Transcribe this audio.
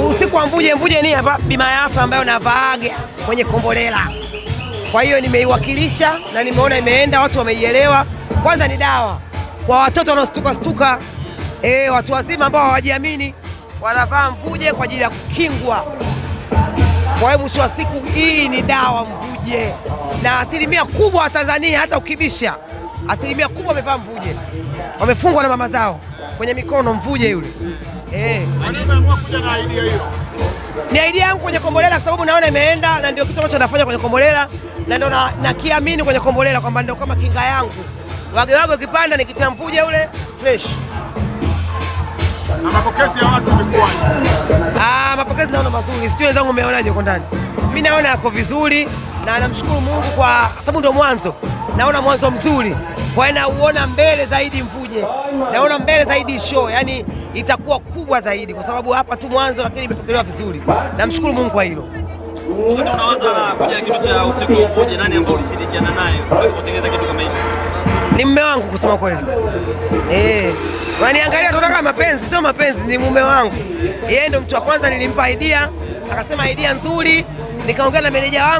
usiku wa mvuje mvuje ni hapa bima ya afya ambayo navaaga kwenye Kombolela. Kwa hiyo nimeiwakilisha na nimeona imeenda, watu wameielewa. Kwanza ni dawa kwa watoto wanaostuka stuka, eh, watu wazima ambao hawajiamini wanavaa mvuje kwa ajili ya kukingwa. Kwa hiyo mwisho wa siku hii ni dawa mvuje, na asilimia kubwa wa Tanzania hata ukibisha asilimia kubwa wamevaa mvuje, wamefungwa na mama zao kwenye mikono, mvuje yule eh. Ni idea yangu kwenye Kombolela kwa sababu naona imeenda, na ndio kitu ambacho nafanya kwenye Kombolela na ndio nakiamini na kwenye Kombolela kwamba ndio kama kinga yangu, wage wage ukipanda nikitia mvuje ule fresh. Mapokezi ya watu kwani? ah, mapokezi naona mazuri, sijui wenzangu umeonaje huko ndani? mi naona ako vizuri na namshukuru Mungu kwa sababu ndo mwanzo, naona mwanzo mzuri, kwa nauona mbele zaidi Mvuje, naona mbele zaidi show, yani itakuwa kubwa zaidi, kwa sababu hapa tu mwanzo, lakini imepokelewa vizuri. Namshukuru Mungu kwa hilo. Unawaza na kuja kitu cha usiku Mvuje, nani ambao ulishirikiana naye kutengeneza kitu kama hiki? Ni mume wangu kusema kweli, eh, unaniangalia tunataka mapenzi, sio mapenzi, ni mume wangu. Yeye ndo mtu wa kwanza nilimpa idea, akasema idea nzuri nikaongea na meneja wangu